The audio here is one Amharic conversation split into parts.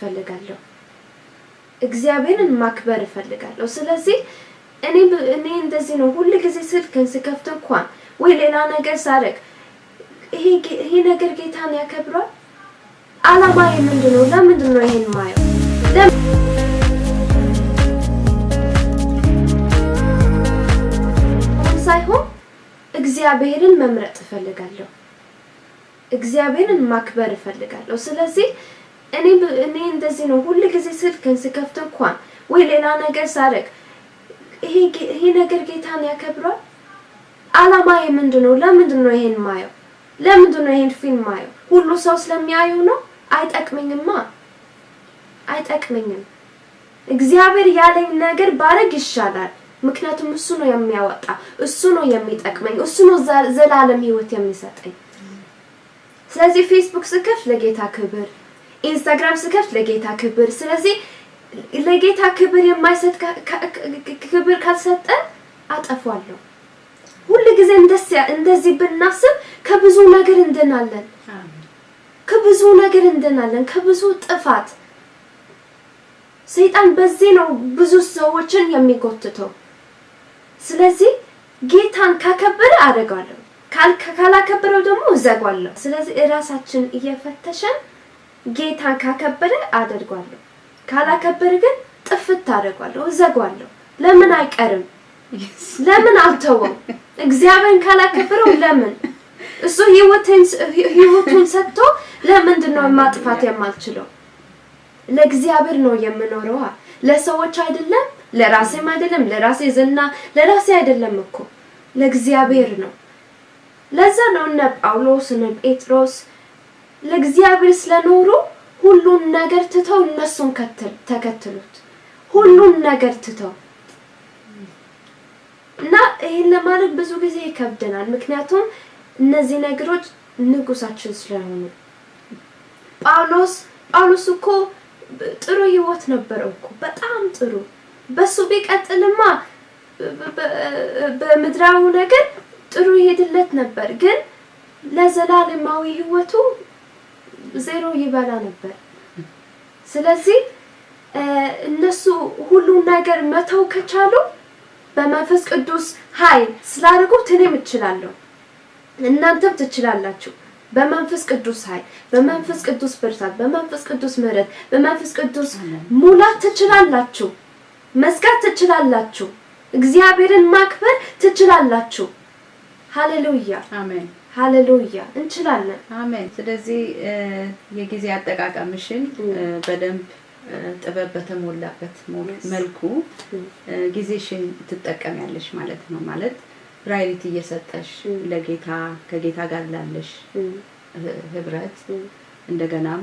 እፈልጋለሁ። እግዚአብሔርን ማክበር እፈልጋለሁ። ስለዚህ እኔ እኔ እንደዚህ ነው ሁል ጊዜ ስልክን ስከፍት እንኳን ወይ ሌላ ነገር ሳደርግ ይሄ ነገር ጌታን ያከብሯል። አላማዬ ምንድን ነው? ለምንድን ነው ይሄን ማየው? ሳይሆን እግዚአብሔርን መምረጥ እፈልጋለሁ። እግዚአብሔርን ማክበር እፈልጋለሁ። ስለዚህ እኔ እኔ እንደዚህ ነው ሁል ጊዜ ስልክን ስከፍት እንኳን ወይ ሌላ ነገር ሳደርግ ይሄ ነገር ጌታን ያከብሯል። አላማዬ ምንድን ነው? ለምንድን ነው ይሄን ማየው? ለምንድን ነው ይሄን ፊልም ማየው? ሁሉ ሰው ስለሚያዩ ነው? አይጠቅመኝማ፣ አይጠቅመኝም። እግዚአብሔር ያለኝ ነገር ባረግ ይሻላል። ምክንያቱም እሱ ነው የሚያወጣ፣ እሱ ነው የሚጠቅመኝ፣ እሱ ነው ዘላለም ህይወት የሚሰጠኝ። ስለዚህ ፌስቡክ ስከፍት ለጌታ ክብር ኢንስታግራም ስከፍት ለጌታ ክብር። ስለዚህ ለጌታ ክብር የማይሰጥ ክብር ካልሰጠ አጠፏለሁ። ሁል ጊዜ እንደዚህ ብናስብ ከብዙ ነገር እንድናለን፣ ከብዙ ነገር እንድናለን፣ ከብዙ ጥፋት። ሰይጣን በዚህ ነው ብዙ ሰዎችን የሚጎትተው። ስለዚህ ጌታን ካከበረ አደርጋለሁ፣ ካላከበረው ደግሞ እዘጓለሁ። ስለዚህ እራሳችን እየፈተሸን ጌታ ካከበረ አደርጓለሁ፣ ካላከበረ ግን ጥፍት አደርጓለሁ፣ እዘጓለሁ። ለምን አይቀርም? ለምን አልተወም? እግዚአብሔርን ካላከበረው ለምን እሱ ህይወቱን ሰጥቶ ለምንድን ነው ማጥፋት የማልችለው? ለእግዚአብሔር ነው የምኖረዋ፣ ለሰዎች አይደለም፣ ለራሴም አይደለም፣ ለራሴ ዝና ለራሴ አይደለም እኮ ለእግዚአብሔር ነው። ለዛ ነው እነ ጳውሎስ እነ ጴጥሮስ ለእግዚአብሔር ስለኖሩ ሁሉን ነገር ትተው እነሱን ተከትሉት። ሁሉን ነገር ትተው እና ይሄን ለማድረግ ብዙ ጊዜ ይከብደናል። ምክንያቱም እነዚህ ነገሮች ንጉሳችን ስለሆኑ ጳውሎስ ጳውሎስ እኮ ጥሩ ህይወት ነበረው እኮ በጣም ጥሩ። በሱ ቢቀጥልማ በምድራዊ ነገር ጥሩ ይሄድለት ነበር፣ ግን ለዘላለማዊ ህይወቱ ዜሮ ይበላ ነበር። ስለዚህ እነሱ ሁሉን ነገር መተው ከቻሉ በመንፈስ ቅዱስ ኃይል ስላደረጉት እኔም እችላለሁ፣ እናንተም ትችላላችሁ። በመንፈስ ቅዱስ ኃይል፣ በመንፈስ ቅዱስ ብርታት፣ በመንፈስ ቅዱስ ምሕረት፣ በመንፈስ ቅዱስ ሙላት ትችላላችሁ። መስጋት ትችላላችሁ። እግዚአብሔርን ማክበር ትችላላችሁ። ሃሌሉያ አሜን። ሃሌሉያ እንችላለን። አሜን። ስለዚህ የጊዜ አጠቃቀምሽን በደንብ ጥበብ በተሞላበት መልኩ ጊዜሽን ትጠቀሚያለሽ ማለት ነው። ማለት ፕራዮሪቲ እየሰጠሽ ለጌታ ከጌታ ጋር ላለሽ ህብረት እንደገናም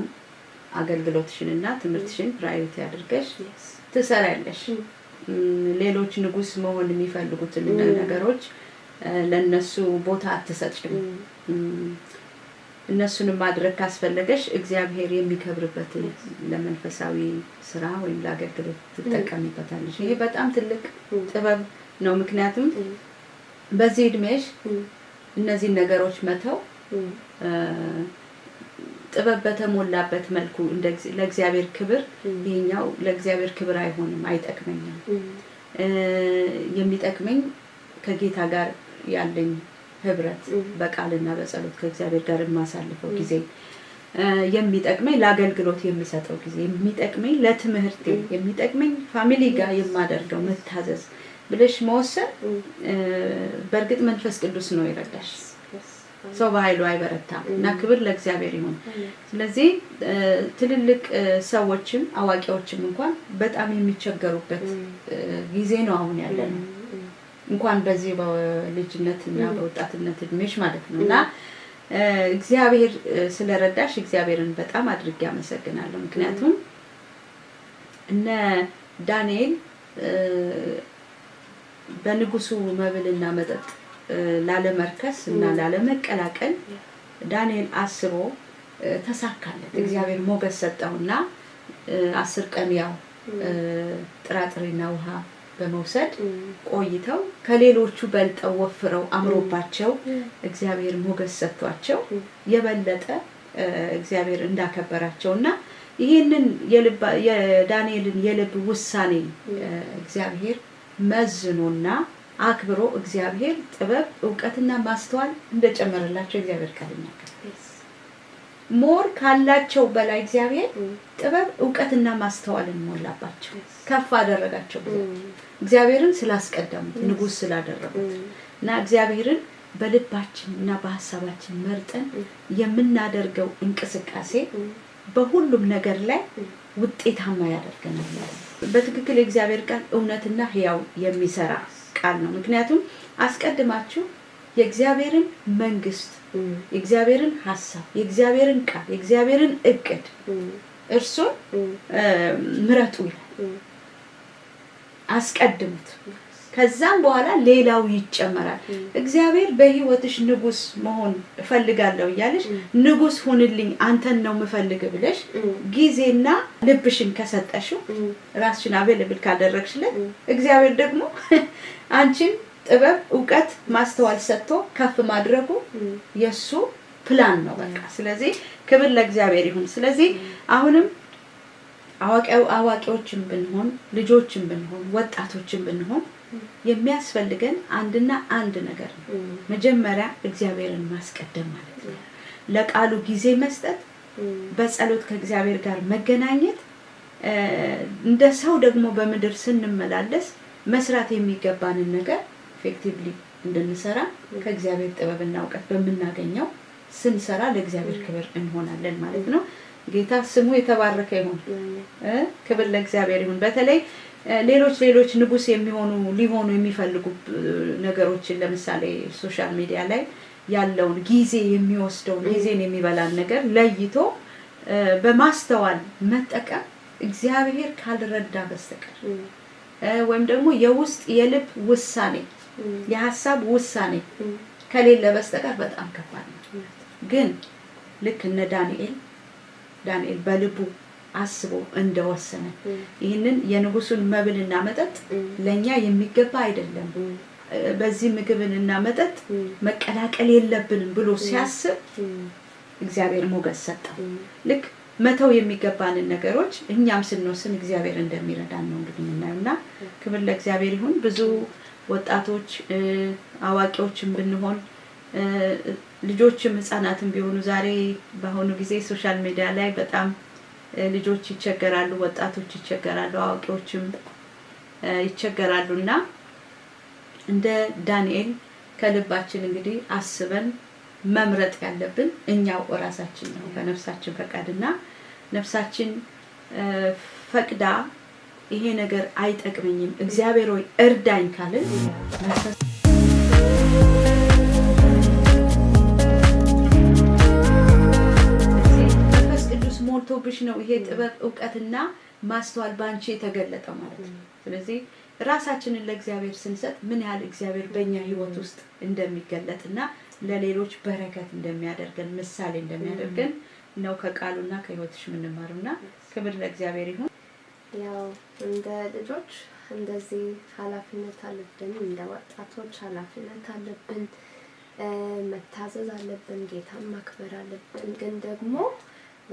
አገልግሎትሽንና ትምህርትሽን ፕራዮሪቲ አድርገሽ ትሰራለሽ። ሌሎች ንጉስ መሆን የሚፈልጉትን ነገሮች ለነሱ ቦታ አትሰጥም። እነሱንም ማድረግ ካስፈለገሽ እግዚአብሔር የሚከብርበት ለመንፈሳዊ ስራ ወይም ለአገልግሎት ትጠቀሚበታለሽ። ይሄ በጣም ትልቅ ጥበብ ነው። ምክንያቱም በዚህ እድሜሽ እነዚህን ነገሮች መተው ጥበብ በተሞላበት መልኩ ለእግዚአብሔር ክብር ይሄኛው ለእግዚአብሔር ክብር አይሆንም፣ አይጠቅመኝም። የሚጠቅመኝ ከጌታ ጋር ያለኝ ህብረት በቃልና በጸሎት ከእግዚአብሔር ጋር የማሳልፈው ጊዜ የሚጠቅመኝ ለአገልግሎት የምሰጠው ጊዜ የሚጠቅመኝ ለትምህርት የሚጠቅመኝ ፋሚሊ ጋር የማደርገው መታዘዝ ብለሽ መወሰን በእርግጥ መንፈስ ቅዱስ ነው ይረዳሽ። ሰው በኃይሉ አይበረታም እና ክብር ለእግዚአብሔር ይሁን። ስለዚህ ትልልቅ ሰዎችም አዋቂዎችም እንኳን በጣም የሚቸገሩበት ጊዜ ነው አሁን ያለ ነው። እንኳን በዚህ በልጅነት እና በወጣትነት እድሜሽ ማለት ነው እና እግዚአብሔር ስለረዳሽ እግዚአብሔርን በጣም አድርጌ አመሰግናለሁ። ምክንያቱም እነ ዳንኤል በንጉሱ መብልና መጠጥ ላለመርከስ እና ላለመቀላቀል ዳንኤል አስቦ ተሳካለት። እግዚአብሔር ሞገስ ሰጠውና አስር ቀን ያው ጥራጥሬና ውሃ በመውሰድ ቆይተው ከሌሎቹ በልጠው ወፍረው አምሮባቸው እግዚአብሔር ሞገስ ሰጥቷቸው የበለጠ እግዚአብሔር እንዳከበራቸው እና ይህንን የዳንኤልን የልብ ውሳኔ እግዚአብሔር መዝኖና አክብሮ እግዚአብሔር ጥበብ እውቀትና ማስተዋል እንደጨመረላቸው እግዚአብሔር ቃል ይናገራል። ሞር ካላቸው በላይ እግዚአብሔር ጥበብ እውቀትና ማስተዋልን ሞላባቸው፣ ከፍ አደረጋቸው። mm. እግዚአብሔርን ስላስቀደሙት mm. ንጉስ ስላደረጉት mm. እና እግዚአብሔርን በልባችን እና በሀሳባችን መርጠን የምናደርገው እንቅስቃሴ በሁሉም ነገር ላይ ውጤታማ ያደርገናል። በትክክል የእግዚአብሔር ቃል እውነትና ህያው የሚሰራ ቃል ነው። ምክንያቱም አስቀድማችሁ የእግዚአብሔርን መንግስት የእግዚአብሔርን ሀሳብ፣ የእግዚአብሔርን ቃል፣ የእግዚአብሔርን እቅድ እርሱን ምረጡ ይላል። አስቀድሙት። ከዛም በኋላ ሌላው ይጨመራል። እግዚአብሔር በህይወትሽ ንጉስ መሆን እፈልጋለሁ እያለሽ ንጉስ ሁንልኝ አንተን ነው ምፈልግ ብለሽ ጊዜና ልብሽን ከሰጠሽው ራስሽን አቬለብል ካደረግሽለት እግዚአብሔር ደግሞ አንቺን ጥበብ፣ እውቀት፣ ማስተዋል ሰጥቶ ከፍ ማድረጉ የእሱ ፕላን ነው። በቃ ስለዚህ ክብር ለእግዚአብሔር ይሁን። ስለዚህ አሁንም አዋቂው አዋቂዎችን ብንሆን ልጆችን ብንሆን ወጣቶችን ብንሆን የሚያስፈልገን አንድና አንድ ነገር ነው። መጀመሪያ እግዚአብሔርን ማስቀደም ማለት ነው። ለቃሉ ጊዜ መስጠት፣ በጸሎት ከእግዚአብሔር ጋር መገናኘት፣ እንደ ሰው ደግሞ በምድር ስንመላለስ መስራት የሚገባንን ነገር ኢፌክቲቭሊ እንድንሰራ ከእግዚአብሔር ጥበብና እውቀት በምናገኘው ስንሰራ ለእግዚአብሔር ክብር እንሆናለን ማለት ነው። ጌታ ስሙ የተባረከ ይሁን። ክብር ለእግዚአብሔር ይሁን። በተለይ ሌሎች ሌሎች ንጉስ የሚሆኑ ሊሆኑ የሚፈልጉ ነገሮችን ለምሳሌ ሶሻል ሚዲያ ላይ ያለውን ጊዜ የሚወስደውን ጊዜን የሚበላን ነገር ለይቶ በማስተዋል መጠቀም እግዚአብሔር ካልረዳ በስተቀር ወይም ደግሞ የውስጥ የልብ ውሳኔ የሀሳብ ውሳኔ ከሌለ በስተቀር በጣም ከባድ ነው። ግን ልክ እነ ዳንኤል ዳንኤል በልቡ አስቦ እንደወሰነ ይህንን የንጉሱን መብልና መጠጥ ለእኛ የሚገባ አይደለም፣ በዚህ ምግብንና መጠጥ መቀላቀል የለብንም ብሎ ሲያስብ እግዚአብሔር ሞገስ ሰጠው። ልክ መተው የሚገባንን ነገሮች እኛም ስንወስን እግዚአብሔር እንደሚረዳን ነው እንግዲህ የምናየው እና ክብር ለእግዚአብሔር ይሁን ብዙ ወጣቶች አዋቂዎችም ብንሆን ልጆችም ህጻናትም ቢሆኑ ዛሬ በአሁኑ ጊዜ ሶሻል ሚዲያ ላይ በጣም ልጆች ይቸገራሉ፣ ወጣቶች ይቸገራሉ፣ አዋቂዎችም ይቸገራሉ እና እንደ ዳንኤል ከልባችን እንግዲህ አስበን መምረጥ ያለብን እኛው ራሳችን ነው በነፍሳችን ፈቃድ እና ነፍሳችን ፈቅዳ ይሄ ነገር አይጠቅመኝም፣ እግዚአብሔር ወይ እርዳኝ ካልን መንፈስ ቅዱስ ሞልቶብሽ ነው ይሄ ጥበብ እውቀትና ማስተዋል በአንቺ የተገለጠ ማለት ነው። ስለዚህ ራሳችንን ለእግዚአብሔር ስንሰጥ ምን ያህል እግዚአብሔር በእኛ ህይወት ውስጥ እንደሚገለጥና ለሌሎች በረከት እንደሚያደርገን ምሳሌ እንደሚያደርገን ነው ከቃሉና ከህይወትሽ የምንማሩና ክብር ለእግዚአብሔር ይሁን። ያው እንደ ልጆች እንደዚህ ሀላፊነት አለብን፣ እንደ ወጣቶች ሀላፊነት አለብን፣ መታዘዝ አለብን፣ ጌታን ማክበር አለብን። ግን ደግሞ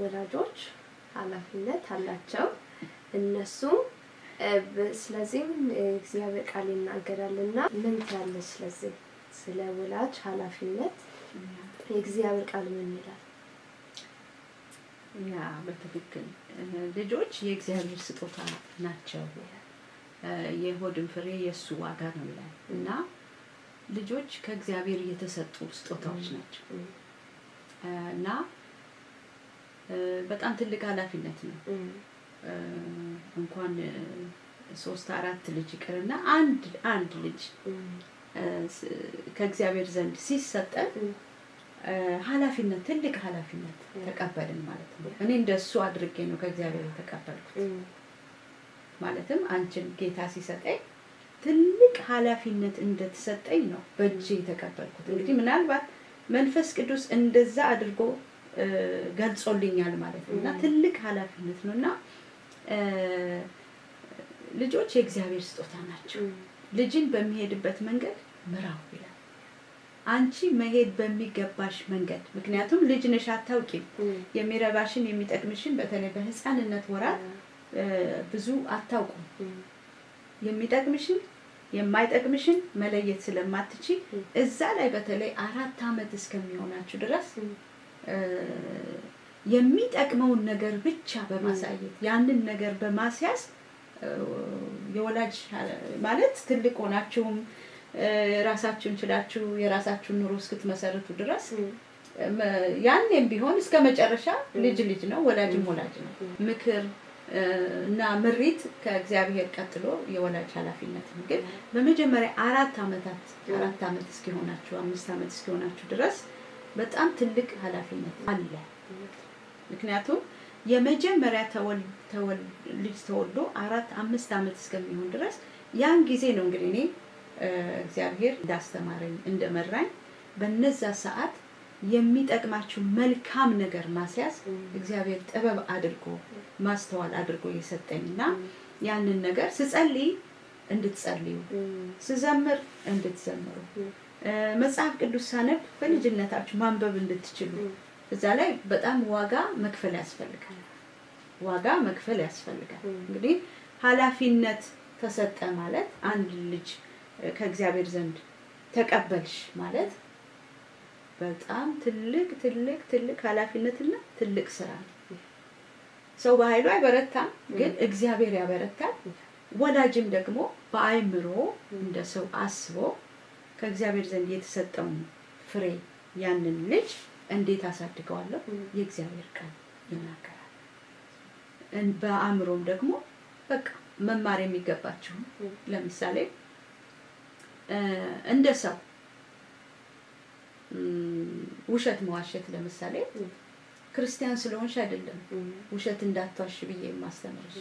ወላጆች ሀላፊነት አላቸው እነሱ። ስለዚህም እግዚአብሔር ቃል ይናገራል እና ምን ትያለሽ? ስለዚህ ስለ ወላጅ ሀላፊነት የእግዚአብሔር ቃል ምን ይላል? ያ በትክክል ልጆች የእግዚአብሔር ስጦታ ናቸው። የሆድን ፍሬ የእሱ ዋጋ ነው ይላል እና ልጆች ከእግዚአብሔር የተሰጡ ስጦታዎች ናቸው እና በጣም ትልቅ ኃላፊነት ነው። እንኳን ሶስት አራት ልጅ ይቅርና አንድ አንድ ልጅ ከእግዚአብሔር ዘንድ ሲሰጠን ኃላፊነት ትልቅ ኃላፊነት ተቀበልን ማለት ነው። እኔ እንደሱ አድርጌ ነው ከእግዚአብሔር የተቀበልኩት። ማለትም አንቺን ጌታ ሲሰጠኝ ትልቅ ኃላፊነት እንደተሰጠኝ ነው በእጅ የተቀበልኩት። እንግዲህ ምናልባት መንፈስ ቅዱስ እንደዛ አድርጎ ገልጾልኛል ማለት ነው እና ትልቅ ኃላፊነት ነው እና ልጆች የእግዚአብሔር ስጦታ ናቸው። ልጅን በሚሄድበት መንገድ ምራው ይላል አንቺ መሄድ በሚገባሽ መንገድ ምክንያቱም ልጅ ነሽ አታውቂም የሚረባሽን የሚጠቅምሽን በተለይ በህፃንነት ወራት ብዙ አታውቁም የሚጠቅምሽን የማይጠቅምሽን መለየት ስለማትች እዛ ላይ በተለይ አራት አመት እስከሚሆናችሁ ድረስ የሚጠቅመውን ነገር ብቻ በማሳየት ያንን ነገር በማስያዝ የወላጅ ማለት ትልቅ ሆናችሁም ራሳችሁን ችላችሁ የራሳችሁን ኑሮ እስክትመሰረቱ ድረስ ያኔም ቢሆን እስከ መጨረሻ ልጅ ልጅ ነው፣ ወላጅም ወላጅ ነው። ምክር እና ምሪት ከእግዚአብሔር ቀጥሎ የወላጅ ኃላፊነት ነው። ግን በመጀመሪያ አራት ዓመታት አራት ዓመት እስኪሆናችሁ አምስት ዓመት እስኪሆናችሁ ድረስ በጣም ትልቅ ኃላፊነት አለ። ምክንያቱም የመጀመሪያ ልጅ ተወልዶ አራት አምስት ዓመት እስከሚሆን ድረስ ያን ጊዜ ነው እንግዲህ እኔ እግዚአብሔር እንዳስተማረኝ እንደመራኝ በነዛ ሰዓት የሚጠቅማችሁ መልካም ነገር ማስያዝ እግዚአብሔር ጥበብ አድርጎ ማስተዋል አድርጎ የሰጠኝ እና ያንን ነገር ስጸልይ እንድትጸልዩ ስዘምር እንድትዘምሩ መጽሐፍ ቅዱስ ሳነብ በልጅነታችሁ ማንበብ እንድትችሉ እዛ ላይ በጣም ዋጋ መክፈል ያስፈልጋል። ዋጋ መክፈል ያስፈልጋል። እንግዲህ ኃላፊነት ተሰጠ ማለት አንድ ልጅ ከእግዚአብሔር ዘንድ ተቀበልሽ ማለት በጣም ትልቅ ትልቅ ትልቅ ኃላፊነትና ትልቅ ስራ ነው። ሰው በኃይሉ አይበረታም፣ ግን እግዚአብሔር ያበረታል። ወላጅም ደግሞ በአይምሮ እንደ ሰው አስቦ ከእግዚአብሔር ዘንድ የተሰጠውን ፍሬ ያንን ልጅ እንዴት አሳድገዋለሁ የእግዚአብሔር ቃል ይናገራል። በአእምሮም ደግሞ በቃ መማር የሚገባችሁም ለምሳሌ እንደ ሰው ውሸት መዋሸት ለምሳሌ ክርስቲያን ስለሆንሽ አይደለም ውሸት እንዳትዋሽ ብዬ የማስተምርሽ።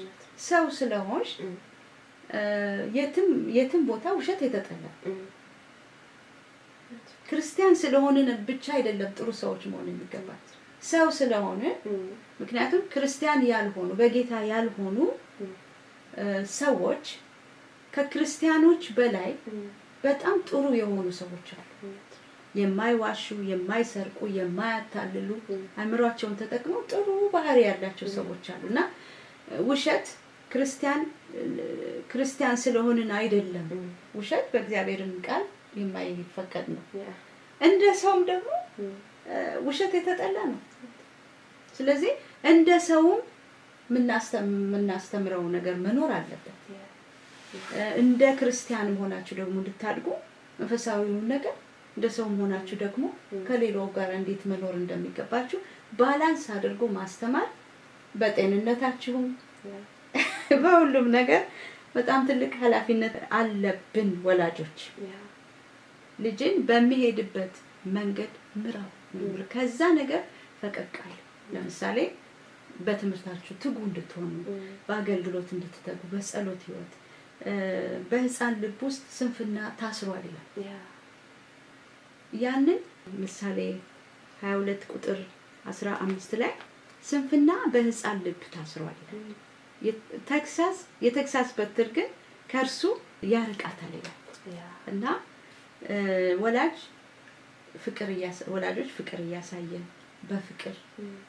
ሰው ስለሆንሽ የትም የትም ቦታ ውሸት የተጠላ ክርስቲያን ስለሆንን ብቻ አይደለም ጥሩ ሰዎች መሆን የሚገባት ሰው ስለሆነ ምክንያቱም ክርስቲያን ያልሆኑ በጌታ ያልሆኑ ሰዎች ከክርስቲያኖች በላይ በጣም ጥሩ የሆኑ ሰዎች አሉ። የማይዋሹ፣ የማይሰርቁ፣ የማያታልሉ አእምሯቸውን ተጠቅመው ጥሩ ባህሪ ያላቸው ሰዎች አሉ እና ውሸት ክርስቲያን ክርስቲያን ስለሆንን አይደለም። ውሸት በእግዚአብሔርን ቃል የማይፈቀድ ነው። እንደ ሰውም ደግሞ ውሸት የተጠላ ነው። ስለዚህ እንደ ሰውም የምናስተምረው ነገር መኖር አለበት። እንደ ክርስቲያንም ሆናችሁ ደግሞ እንድታድጉ መንፈሳዊውን ነገር እንደ ሰውም ሆናችሁ ደግሞ ከሌላው ጋር እንዴት መኖር እንደሚገባችሁ ባላንስ አድርጎ ማስተማር በጤንነታችሁም በሁሉም ነገር በጣም ትልቅ ኃላፊነት አለብን ወላጆች። ልጅን በሚሄድበት መንገድ ምራው፣ ከዛ ነገር ፈቀቃል። ለምሳሌ በትምህርታችሁ ትጉ እንድትሆኑ፣ በአገልግሎት እንድትተጉ፣ በጸሎት ህይወት በህፃን ልብ ውስጥ ስንፍና ታስሯል ይላል። ያንን ምሳሌ 22 ቁጥር 15 ላይ ስንፍና በህፃን ልብ ታስሯል ይላል። ተክሳስ የተክሳስ በትር ግን ከእርሱ ያርቃታል ይላል እና ወላጅ ፍቅር ወላጆች ፍቅር እያሳየን በፍቅር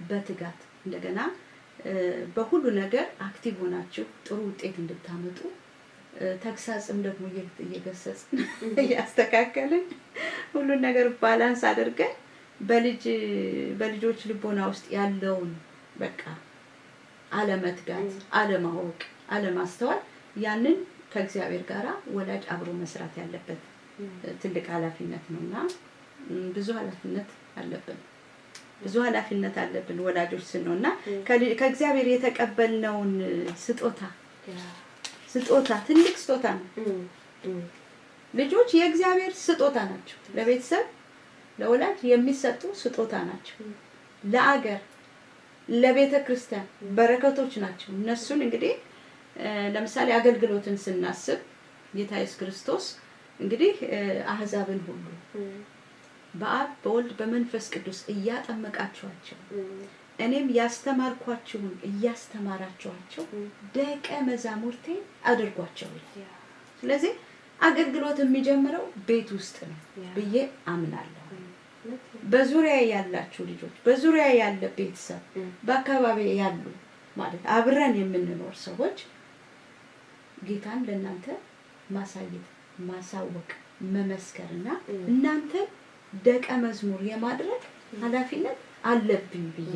በትጋት እንደገና በሁሉ ነገር አክቲቭ ሆናችሁ ጥሩ ውጤት እንድታመጡ ተግሳጽም ደግሞ እየገሰጽን እያስተካከልን ሁሉን ነገር ባላንስ አድርገን በልጅ በልጆች ልቦና ውስጥ ያለውን በቃ አለመትጋት፣ አለማወቅ፣ አለማስተዋል ያንን ከእግዚአብሔር ጋር ወላጅ አብሮ መስራት ያለበት ትልቅ ኃላፊነት ነው እና ብዙ ኃላፊነት አለብን። ብዙ ኃላፊነት አለብን ወላጆች ስንሆን እና ከእግዚአብሔር የተቀበልነውን ስጦታ ስጦታ ትልቅ ስጦታ ነው። ልጆች የእግዚአብሔር ስጦታ ናቸው። ለቤተሰብ ለወላጅ የሚሰጡ ስጦታ ናቸው። ለአገር ለቤተ ክርስቲያን በረከቶች ናቸው። እነሱን እንግዲህ ለምሳሌ አገልግሎትን ስናስብ ጌታ ኢየሱስ ክርስቶስ እንግዲህ አህዛብን ሁሉ በአብ በወልድ በመንፈስ ቅዱስ እያጠመቃቸዋቸው። እኔም ያስተማርኳችሁን እያስተማራችኋቸው ደቀ መዛሙርቴ አድርጓቸው። ስለዚህ አገልግሎት የሚጀምረው ቤት ውስጥ ነው ብዬ አምናለሁ። በዙሪያ ያላችሁ ልጆች፣ በዙሪያ ያለ ቤተሰብ፣ በአካባቢ ያሉ ማለት አብረን የምንኖር ሰዎች ጌታን ለእናንተ ማሳየት፣ ማሳወቅ፣ መመስከር እና እናንተ ደቀ መዝሙር የማድረግ ኃላፊነት አለብኝ ብዬ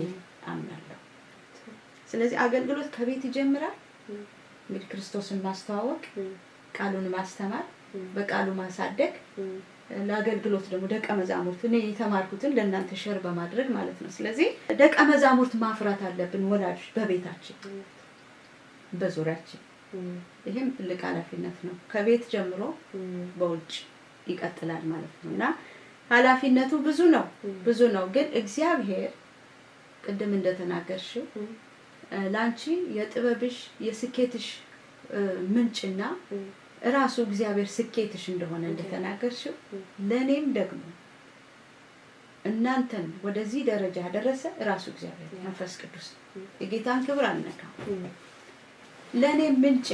አምናለሁ። ስለዚህ አገልግሎት ከቤት ይጀምራል። እንግዲህ ክርስቶስን ማስተዋወቅ፣ ቃሉን ማስተማር፣ በቃሉ ማሳደግ፣ ለአገልግሎት ደግሞ ደቀ መዛሙርት እኔ የተማርኩትን ለእናንተ ሸር በማድረግ ማለት ነው። ስለዚህ ደቀ መዛሙርት ማፍራት አለብን ወላጆች በቤታችን በዙሪያችን። ይህም ትልቅ ኃላፊነት ነው። ከቤት ጀምሮ በውጭ ይቀጥላል ማለት ነው እና ኃላፊነቱ ብዙ ነው ብዙ ነው ግን እግዚአብሔር ቅድም እንደተናገርሽው ላንቺ የጥበብሽ የስኬትሽ ምንጭና እራሱ እግዚአብሔር ስኬትሽ እንደሆነ እንደተናገርሽው ለእኔም ደግሞ እናንተን ወደዚህ ደረጃ ያደረሰ እራሱ እግዚአብሔር መንፈስ ቅዱስ ነው። የጌታን ክብር አልነካም። ለእኔም ምንጬ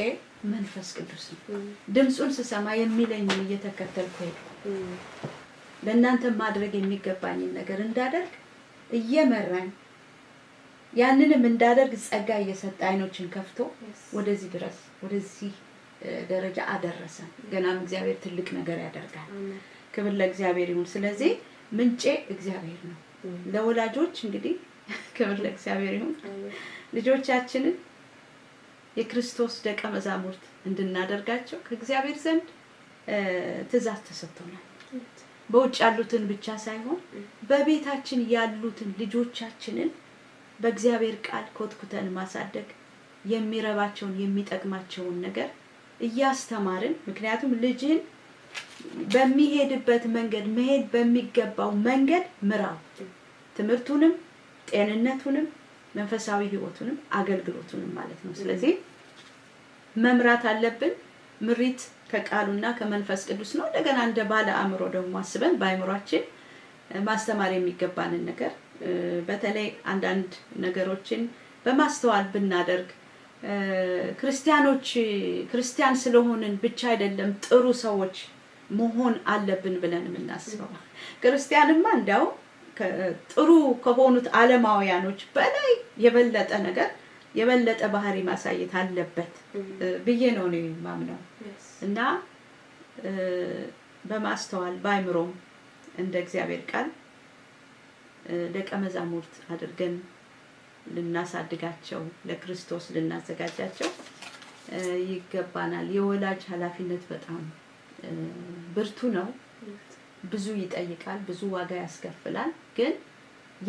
መንፈስ ቅዱስ ነው። ድምፁን ስሰማ የሚለኝ እየተከተልኩ ሄድኩ። ለእናንተ ማድረግ የሚገባኝን ነገር እንዳደርግ እየመራኝ ያንንም እንዳደርግ ጸጋ እየሰጠ አይኖችን ከፍቶ ወደዚህ ድረስ ወደዚህ ደረጃ አደረሰ። ገናም እግዚአብሔር ትልቅ ነገር ያደርጋል። ክብር ለእግዚአብሔር ይሁን። ስለዚህ ምንጬ እግዚአብሔር ነው። ለወላጆች እንግዲህ ክብር ለእግዚአብሔር ይሁን። ልጆቻችንን የክርስቶስ ደቀ መዛሙርት እንድናደርጋቸው ከእግዚአብሔር ዘንድ ትእዛዝ ተሰጥቶናል። በውጭ ያሉትን ብቻ ሳይሆን በቤታችን ያሉትን ልጆቻችንን በእግዚአብሔር ቃል ኮትኩተን ማሳደግ የሚረባቸውን የሚጠቅማቸውን ነገር እያስተማርን ምክንያቱም ልጅን በሚሄድበት መንገድ መሄድ በሚገባው መንገድ ምራው። ትምህርቱንም፣ ጤንነቱንም፣ መንፈሳዊ ህይወቱንም፣ አገልግሎቱንም ማለት ነው። ስለዚህ መምራት አለብን። ምሪት ከቃሉና ከመንፈስ ቅዱስ ነው። እንደገና እንደ ባለ አእምሮ ደግሞ አስበን በአይምሯችን ማስተማር የሚገባንን ነገር በተለይ አንዳንድ ነገሮችን በማስተዋል ብናደርግ ክርስቲያኖች ክርስቲያን ስለሆንን ብቻ አይደለም ጥሩ ሰዎች መሆን አለብን ብለን የምናስበው። ክርስቲያንማ እንዲያው ጥሩ ከሆኑት አለማውያኖች በላይ የበለጠ ነገር የበለጠ ባህሪ ማሳየት አለበት ብዬ ነው ነው ማምነው እና በማስተዋል በአይምሮም እንደ እግዚአብሔር ቃል ደቀ መዛሙርት አድርገን ልናሳድጋቸው ለክርስቶስ ልናዘጋጃቸው ይገባናል። የወላጅ ኃላፊነት በጣም ብርቱ ነው። ብዙ ይጠይቃል፣ ብዙ ዋጋ ያስከፍላል። ግን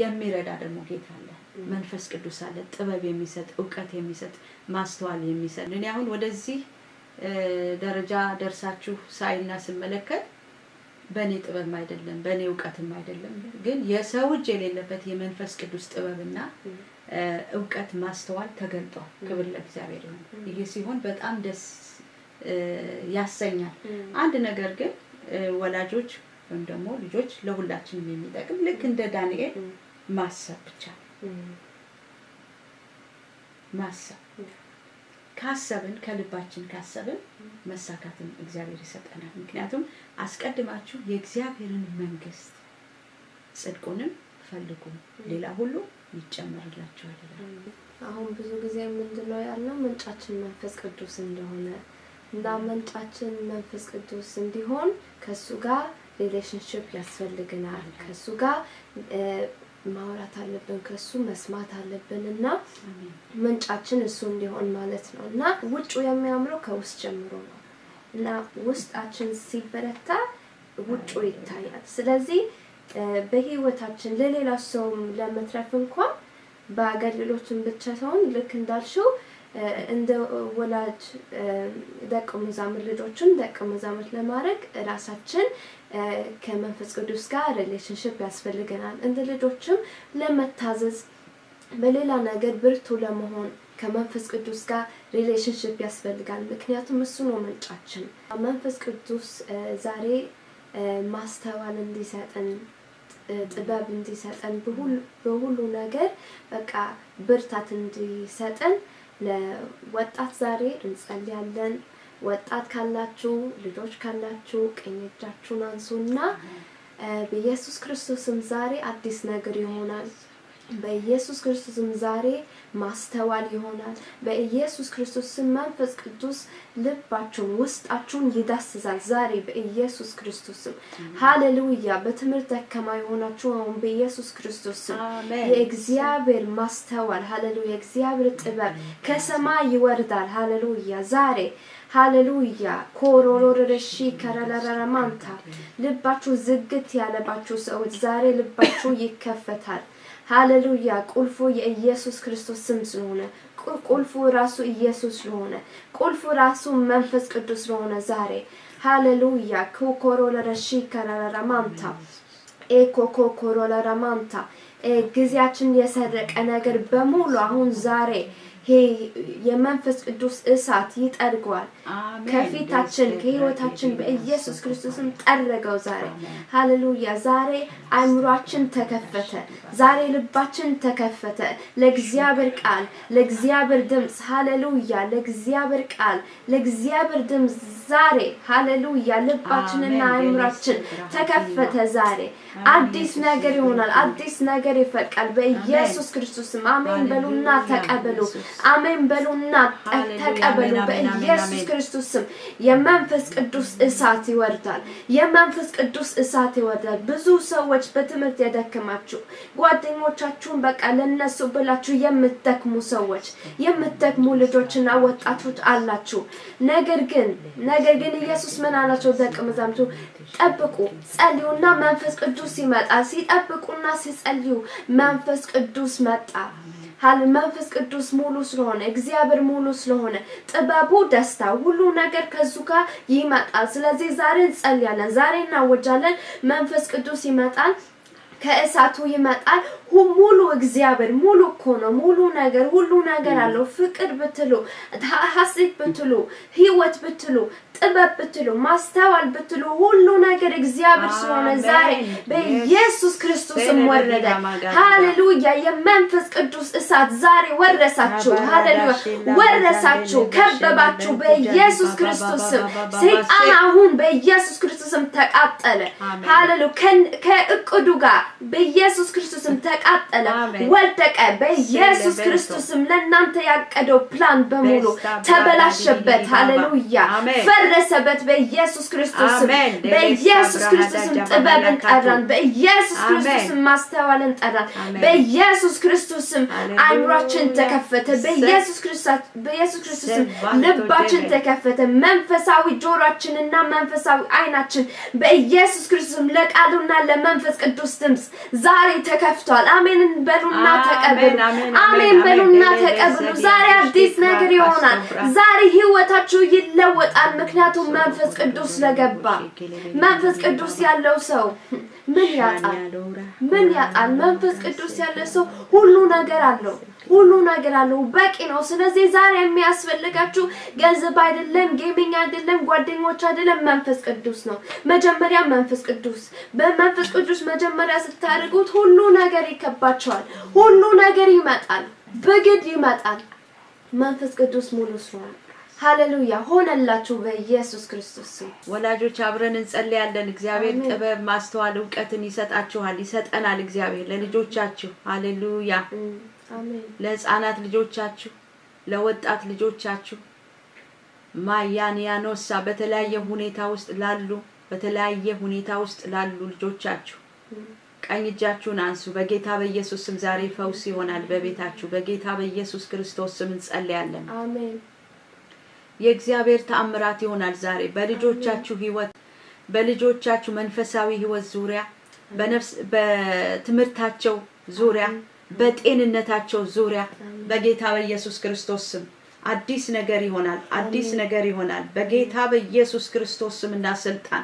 የሚረዳ ደግሞ ጌታ አለ፣ መንፈስ ቅዱስ አለ፣ ጥበብ የሚሰጥ እውቀት የሚሰጥ ማስተዋል የሚሰጥ እኔ አሁን ወደዚህ ደረጃ ደርሳችሁ ሳይና ስመለከት በእኔ ጥበብም አይደለም በእኔ እውቀትም አይደለም። ግን የሰው እጅ የሌለበት የመንፈስ ቅዱስ ጥበብና እውቀት ማስተዋል ተገልጧል። ክብር ለእግዚአብሔር ይሁን። ይሄ ሲሆን በጣም ደስ ያሰኛል። አንድ ነገር ግን ወላጆች ወይም ደግሞ ልጆች ለሁላችንም የሚጠቅም ልክ እንደ ዳንኤል ማሰብ ብቻ ማሰብ ካሰብን ከልባችን ካሰብን መሳካትን እግዚአብሔር ይሰጠናል። ምክንያቱም አስቀድማችሁ የእግዚአብሔርን መንግስት ጽድቁንም ፈልጉ ሌላ ሁሉ ይጨመርላችኋል። አሁን ብዙ ጊዜ ምንድነው ያልነው ምንጫችን መንፈስ ቅዱስ እንደሆነ እና መንጫችን መንፈስ ቅዱስ እንዲሆን ከእሱ ጋር ሪሌሽንሽፕ ያስፈልግናል። ከእሱ ጋር ማውራት አለብን፣ ከሱ መስማት አለብን እና ምንጫችን እሱ እንዲሆን ማለት ነው እና ውጩ የሚያምረው ከውስጥ ጀምሮ ነው እና ውስጣችን ሲበረታ ውጩ ይታያል። ስለዚህ በህይወታችን ለሌላ ሰውም ለመትረፍ እንኳን በአገልግሎትን ብቻ ሰውን ልክ እንዳልሽው እንደ ወላጅ ደቀ መዛሙር ልጆችን ደቀ መዛሙርት ለማድረግ ራሳችን ከመንፈስ ቅዱስ ጋር ሪሌሽንሽፕ ያስፈልገናል። እንደ ልጆችም ለመታዘዝ በሌላ ነገር ብርቱ ለመሆን ከመንፈስ ቅዱስ ጋር ሪሌሽንሽፕ ያስፈልጋል። ምክንያቱም እሱ ነው ምንጫችን። መንፈስ ቅዱስ ዛሬ ማስተዋል እንዲሰጠን ጥበብ እንዲሰጠን በሁሉ ነገር በቃ ብርታት እንዲሰጠን ለወጣት ዛሬ እንጸልያለን። ወጣት ካላችሁ ልጆች ካላችሁ ቀኝ እጃችሁን አንሱና በኢየሱስ ክርስቶስም ዛሬ አዲስ ነገር ይሆናል። በኢየሱስ ክርስቶስም ዛሬ ማስተዋል ይሆናል። በኢየሱስ ክርስቶስ ስም መንፈስ ቅዱስ ልባችሁን ውስጣችሁን ይዳስሳል ዛሬ በኢየሱስ ክርስቶስ ስም። ሃሌሉያ! በትምህርት ደካማ የሆናችሁ አሁን በኢየሱስ ክርስቶስ ስም የእግዚአብሔር ማስተዋል ሃሌሉያ፣ የእግዚአብሔር ጥበብ ከሰማይ ይወርዳል። ሃሌሉያ! ዛሬ ሃሌሉያ ኮሮሮረሺ ከረረረማንታ ልባችሁ ዝግት ያለባችሁ ሰዎች ዛሬ ልባችሁ ይከፈታል። ሃሌሉያ። ቁልፉ የኢየሱስ ክርስቶስ ስም ስለሆነ ቁልፉ ራሱ ኢየሱስ ስለሆነ ቁልፉ ራሱ መንፈስ ቅዱስ ስለሆነ ዛሬ ሃሌሉያ ኮኮሮ ለረሺ ከረረማምታ ኤኮኮ ኮሮለረማምታ ጊዜያችን የሰረቀ ነገር በሙሉ አሁን ዛሬ ይሄ የመንፈስ ቅዱስ እሳት ይጠርገዋል ከፊታችን ከህይወታችን በኢየሱስ ክርስቶስም ጠረገው። ዛሬ ሀሌሉያ ዛሬ አይምሯችን ተከፈተ። ዛሬ ልባችን ተከፈተ ለእግዚአብሔር ቃል፣ ለእግዚአብሔር ድምፅ። ሃሌሉያ! ለእግዚአብሔር ቃል፣ ለእግዚአብሔር ድምፅ ዛሬ ሃሌሉያ ልባችንና አእምሯችን ተከፈተ። ዛሬ አዲስ ነገር ይሆናል። አዲስ ነገር ይፈቃል። በኢየሱስ ክርስቶስም አሜን በሉና ተቀበሉ። አሜን በሉና ተቀበሉ። በኢየሱስ ክርስቶስም የመንፈስ ቅዱስ እሳት ይወርዳል። የመንፈስ ቅዱስ እሳት ይወርዳል። ብዙ ሰዎች በትምህርት የደከማችሁ ጓደኞቻችሁን በቃ ለነሱ ብላችሁ የምትደክሙ ሰዎች የምትደክሙ ልጆችና ወጣቶች አላችሁ። ነገር ግን ነገር ግን ኢየሱስ ምን አላቸው? ደቀ መዛሙርቱ ጠብቁ፣ ጸልዩና መንፈስ ቅዱስ ይመጣ ሲጠብቁና ሲጸልዩ መንፈስ ቅዱስ መጣ። ሀል መንፈስ ቅዱስ ሙሉ ስለሆነ እግዚአብሔር ሙሉ ስለሆነ ጥበቡ፣ ደስታ፣ ሁሉ ነገር ከሱ ጋር ይመጣል። ስለዚህ ዛሬ እንጸልያለን፣ ዛሬ እናወጃለን። መንፈስ ቅዱስ ይመጣል ከእሳቱ ይመጣል። ሙሉ እግዚአብሔር ሙሉ እኮ ነው። ሙሉ ነገር ሁሉ ነገር አለው። ፍቅር ብትሉ፣ ሀሴት ብትሉ፣ ህይወት ብትሉ፣ ጥበብ ብትሉ ማስተዋል ብትሉ ሁሉ ነገር እግዚአብሔር ስለሆነ ዛሬ በኢየሱስ ክርስቶስ ወረደ። ሃሌሉያ! የመንፈስ ቅዱስ እሳት ዛሬ ወረሳችሁ። ሃሌሉያ! ወረሳችሁ፣ ከበባችሁ በኢየሱስ ክርስቶስ ሰይጣን አሁን በኢየሱስ ክርስቶስም ተቃጠለ። ሃሌሉያ! ከእቅዱ ጋር በኢየሱስ ክርስቶስም ተቃጠለ፣ ወደቀ። በኢየሱስ ክርስቶስም ለናንተ ለእናንተ ያቀደው ፕላን በሙሉ ተበላሸበት። ሃሌሉያ! ደረሰበት በኢየሱስ ክርስቶስ በኢየሱስ ክርስቶስም ጥበብን ጠራን። በኢየሱስ ክርስቶስም ማስተዋልን ጠራን። በኢየሱስ ክርስቶስም አእምሯችን ተከፈተ። በኢየሱስ ክርስቶስም ልባችን ተከፈተ። መንፈሳዊ ጆሯችንና መንፈሳዊ አይናችን በኢየሱስ ክርስቶስም ለቃሉና ለመንፈስ ቅዱስ ድምፅ ዛሬ ተከፍቷል። አሜንን በሉና ተቀብሉ። አሜን በሉና ተቀብሉ። ዛሬ አዲስ ነገር ይሆናል። ዛሬ ህይወታችሁ ይለወጣል። ምክንያት ምክንያቱም መንፈስ ቅዱስ ስለገባ። መንፈስ ቅዱስ ያለው ሰው ምን ያጣል? ምን ያጣል? መንፈስ ቅዱስ ያለው ሰው ሁሉ ነገር አለው፣ ሁሉ ነገር አለው፣ በቂ ነው። ስለዚህ ዛሬ የሚያስፈልጋችሁ ገንዘብ አይደለም፣ ጌሚንግ አይደለም፣ ጓደኞች አይደለም፣ መንፈስ ቅዱስ ነው። መጀመሪያ መንፈስ ቅዱስ። በመንፈስ ቅዱስ መጀመሪያ ስታደርጉት ሁሉ ነገር ይከባቸዋል፣ ሁሉ ነገር ይመጣል፣ ብግድ ይመጣል። መንፈስ ቅዱስ ሙሉ ስለሆነ ሃሌሉያ ሆነላችሁ በኢየሱስ ክርስቶስ ወላጆች አብረን እንጸልያለን። እግዚአብሔር ጥበብ፣ ማስተዋል፣ እውቀትን ይሰጣችኋል፣ ይሰጠናል እግዚአብሔር ለልጆቻችሁ። ሃሌሉያ ለህፃናት ልጆቻችሁ፣ ለወጣት ልጆቻችሁ ማያን ያኖሳ በተለያየ ሁኔታ ውስጥ ላሉ በተለያየ ሁኔታ ውስጥ ላሉ ልጆቻችሁ ቀኝ እጃችሁን አንሱ። በጌታ በኢየሱስ ስም ዛሬ ፈውስ ይሆናል በቤታችሁ። በጌታ በኢየሱስ ክርስቶስ ስም እንጸልያለን። አሜን። የእግዚአብሔር ተአምራት ይሆናል ዛሬ በልጆቻችሁ ህይወት በልጆቻችሁ መንፈሳዊ ህይወት ዙሪያ በነፍስ በትምህርታቸው ዙሪያ በጤንነታቸው ዙሪያ በጌታ በኢየሱስ ክርስቶስ ስም አዲስ ነገር ይሆናል አዲስ ነገር ይሆናል በጌታ በኢየሱስ ክርስቶስ እና ስልጣን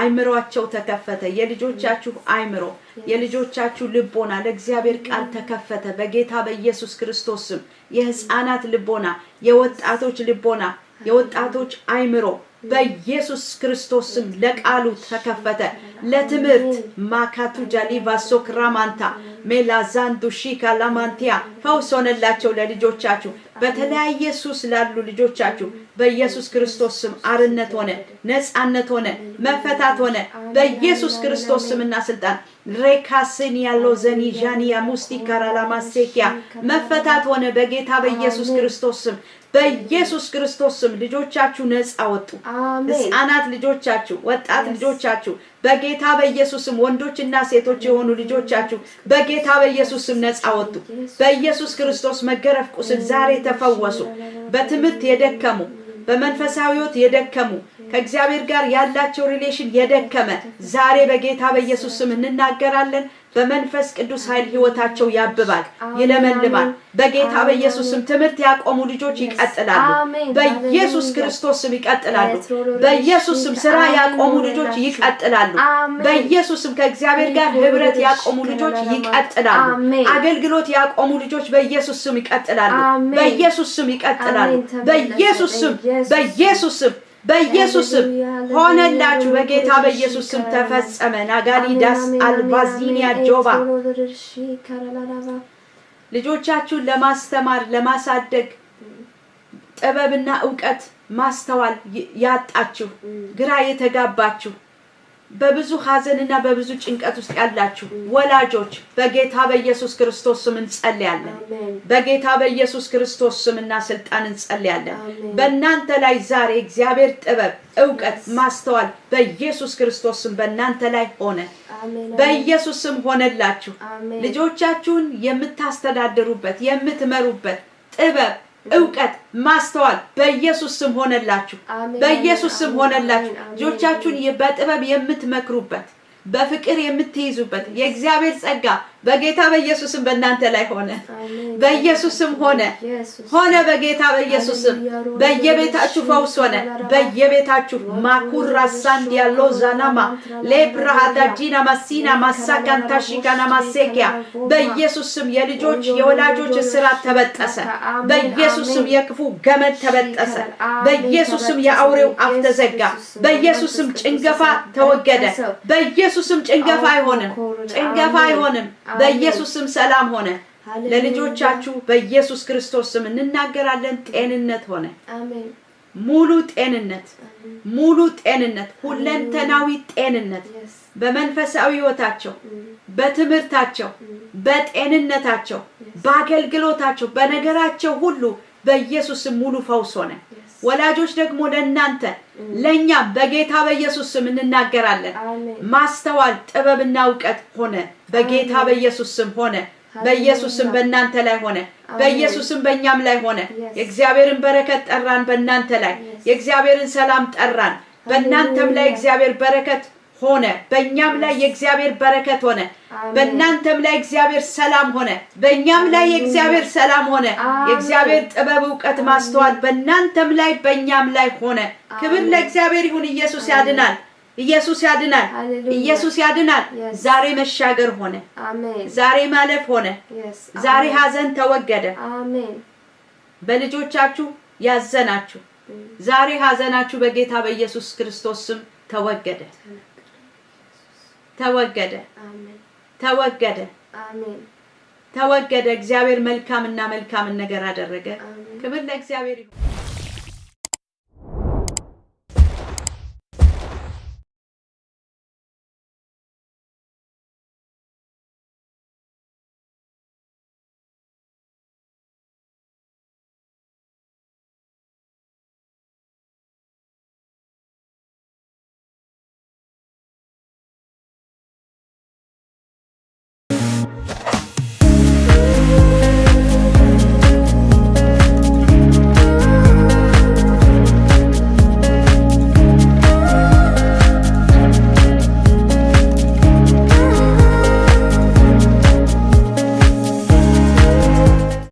አይምሯቸው ተከፈተ የልጆቻችሁ አይምሮ የልጆቻችሁ ልቦና ለእግዚአብሔር ቃል ተከፈተ በጌታ በኢየሱስ ክርስቶስ ስም የህፃናት ልቦና የወጣቶች ልቦና የወጣቶች አይምሮ በኢየሱስ ክርስቶስም ለቃሉ ተከፈተ። ለትምህርት ማካቱ ጃሊቫ ሶክራማንታ ሜላዛንዱ ሺካ ላማንቲያ ፈውስ ሆነላቸው። ለልጆቻችሁ በተለያየ ሱስ ላሉ ልጆቻችሁ በኢየሱስ ክርስቶስ ስም አርነት ሆነ፣ ነፃነት ሆነ፣ መፈታት ሆነ። በኢየሱስ ክርስቶስ እና ስልጣን ሬካስን ያለው ዘኒ ዣኒያ ሙስቲካራላማሴኪያ መፈታት ሆነ በጌታ በኢየሱስ ክርስቶስ ስም በኢየሱስ ክርስቶስ ስም ልጆቻችሁ ነጻ ወጡ። ህፃናት ልጆቻችሁ፣ ወጣት ልጆቻችሁ በጌታ በኢየሱስም ወንዶችና ሴቶች የሆኑ ልጆቻችሁ በጌታ በኢየሱስም ነጻ ወጡ። በኢየሱስ ክርስቶስ መገረፍ ቁስል ዛሬ ተፈወሱ። በትምህርት የደከሙ በመንፈሳዊ ህይወት የደከሙ ከእግዚአብሔር ጋር ያላቸው ሪሌሽን የደከመ ዛሬ በጌታ በኢየሱስ ስም እንናገራለን። በመንፈስ ቅዱስ ኃይል ህይወታቸው ያብባል፣ ይለመልማል። በጌታ በኢየሱስም ትምህርት ያቆሙ ልጆች ይቀጥላሉ። በኢየሱስ ክርስቶስ ስም ይቀጥላሉ። በኢየሱስም ስራ ያቆሙ ልጆች ይቀጥላሉ። በኢየሱስም ከእግዚአብሔር ጋር ህብረት ያቆሙ ልጆች ይቀጥላሉ። አገልግሎት ያቆሙ ልጆች በኢየሱስ ስም ይቀጥላሉ። በኢየሱስ ስም ይቀጥላሉ። በኢየሱስ ስም በኢየሱስ ስም በኢየሱስም ሆነላችሁ። በጌታ በኢየሱስ ስም ተፈጸመ። ናጋሊዳስ አልባዚኒያ ጆባ ልጆቻችሁን ለማስተማር ለማሳደግ ጥበብና እውቀት ማስተዋል ያጣችሁ ግራ የተጋባችሁ በብዙ ሐዘንና በብዙ ጭንቀት ውስጥ ያላችሁ ወላጆች በጌታ በኢየሱስ ክርስቶስ ስም እንጸልያለን። በጌታ በኢየሱስ ክርስቶስ ስምና ስልጣን እንጸልያለን። በእናንተ ላይ ዛሬ እግዚአብሔር ጥበብ፣ እውቀት፣ ማስተዋል በኢየሱስ ክርስቶስ ስም በእናንተ ላይ ሆነ፣ በኢየሱስ ስም ሆነላችሁ። ልጆቻችሁን የምታስተዳድሩበት የምትመሩበት ጥበብ እውቀት፣ ማስተዋል በኢየሱስ ስም ሆነላችሁ፣ በኢየሱስ ስም ሆነላችሁ። ልጆቻችሁን በጥበብ የምትመክሩበት፣ በፍቅር የምትይዙበት የእግዚአብሔር ጸጋ በጌታ በኢየሱስም በእናንተ ላይ ሆነ፣ በኢየሱስም ሆነ ሆነ፣ በጌታ በኢየሱስም በየቤታችሁ ፈውስ ሆነ፣ በየቤታችሁ ማኩራ ሳንድ ያለው ዛናማ ጂና ማሲና ማሳጋንታሺጋና ማሴኪያ በኢየሱስም የልጆች የወላጆች እስራት ተበጠሰ፣ በኢየሱስም የክፉ ገመድ ተበጠሰ፣ በኢየሱስም የአውሬው አፍ ተዘጋ፣ በኢየሱስም ጭንገፋ ተወገደ፣ በኢየሱስም ጭንገፋ አይሆንም፣ ጭንገፋ አይሆንም። በኢየሱስ ስም ሰላም ሆነ። ለልጆቻችሁ በኢየሱስ ክርስቶስ ስም እንናገራለን። ጤንነት ሆነ። ሙሉ ጤንነት፣ ሙሉ ጤንነት፣ ሁለንተናዊ ጤንነት በመንፈሳዊ ህይወታቸው፣ mm. በትምህርታቸው፣ mm. በጤንነታቸው፣ በአገልግሎታቸው፣ በነገራቸው ሁሉ በኢየሱስም ሙሉ ፈውስ ሆነ። ወላጆች ደግሞ ለእናንተ ለእኛ በጌታ በኢየሱስ ስም እንናገራለን። ማስተዋል ጥበብና እውቀት ሆነ በጌታ በኢየሱስ ስም ሆነ በኢየሱስም በእናንተ ላይ ሆነ በኢየሱስም በእኛም ላይ ሆነ። የእግዚአብሔርን በረከት ጠራን በእናንተ ላይ የእግዚአብሔርን ሰላም ጠራን በእናንተም ላይ እግዚአብሔር በረከት ሆነ። በእኛም ላይ የእግዚአብሔር በረከት ሆነ። በእናንተም ላይ እግዚአብሔር ሰላም ሆነ። በእኛም ላይ የእግዚአብሔር ሰላም ሆነ። የእግዚአብሔር ጥበብ፣ እውቀት፣ ማስተዋል በእናንተም ላይ በእኛም ላይ ሆነ። ክብር ለእግዚአብሔር ይሁን። ኢየሱስ ያድናል። ኢየሱስ ያድናል። ኢየሱስ ያድናል። ዛሬ መሻገር ሆነ። ዛሬ ማለፍ ሆነ። ዛሬ ሀዘን ተወገደ። በልጆቻችሁ ያዘናችሁ mm. ዛሬ ሀዘናችሁ በጌታ በኢየሱስ ክርስቶስ ስም ተወገደ። ተወገደ ተወገደ ተወገደ። እግዚአብሔር መልካምና መልካምን ነገር አደረገ። ክብር ለእግዚአብሔር ይሁን።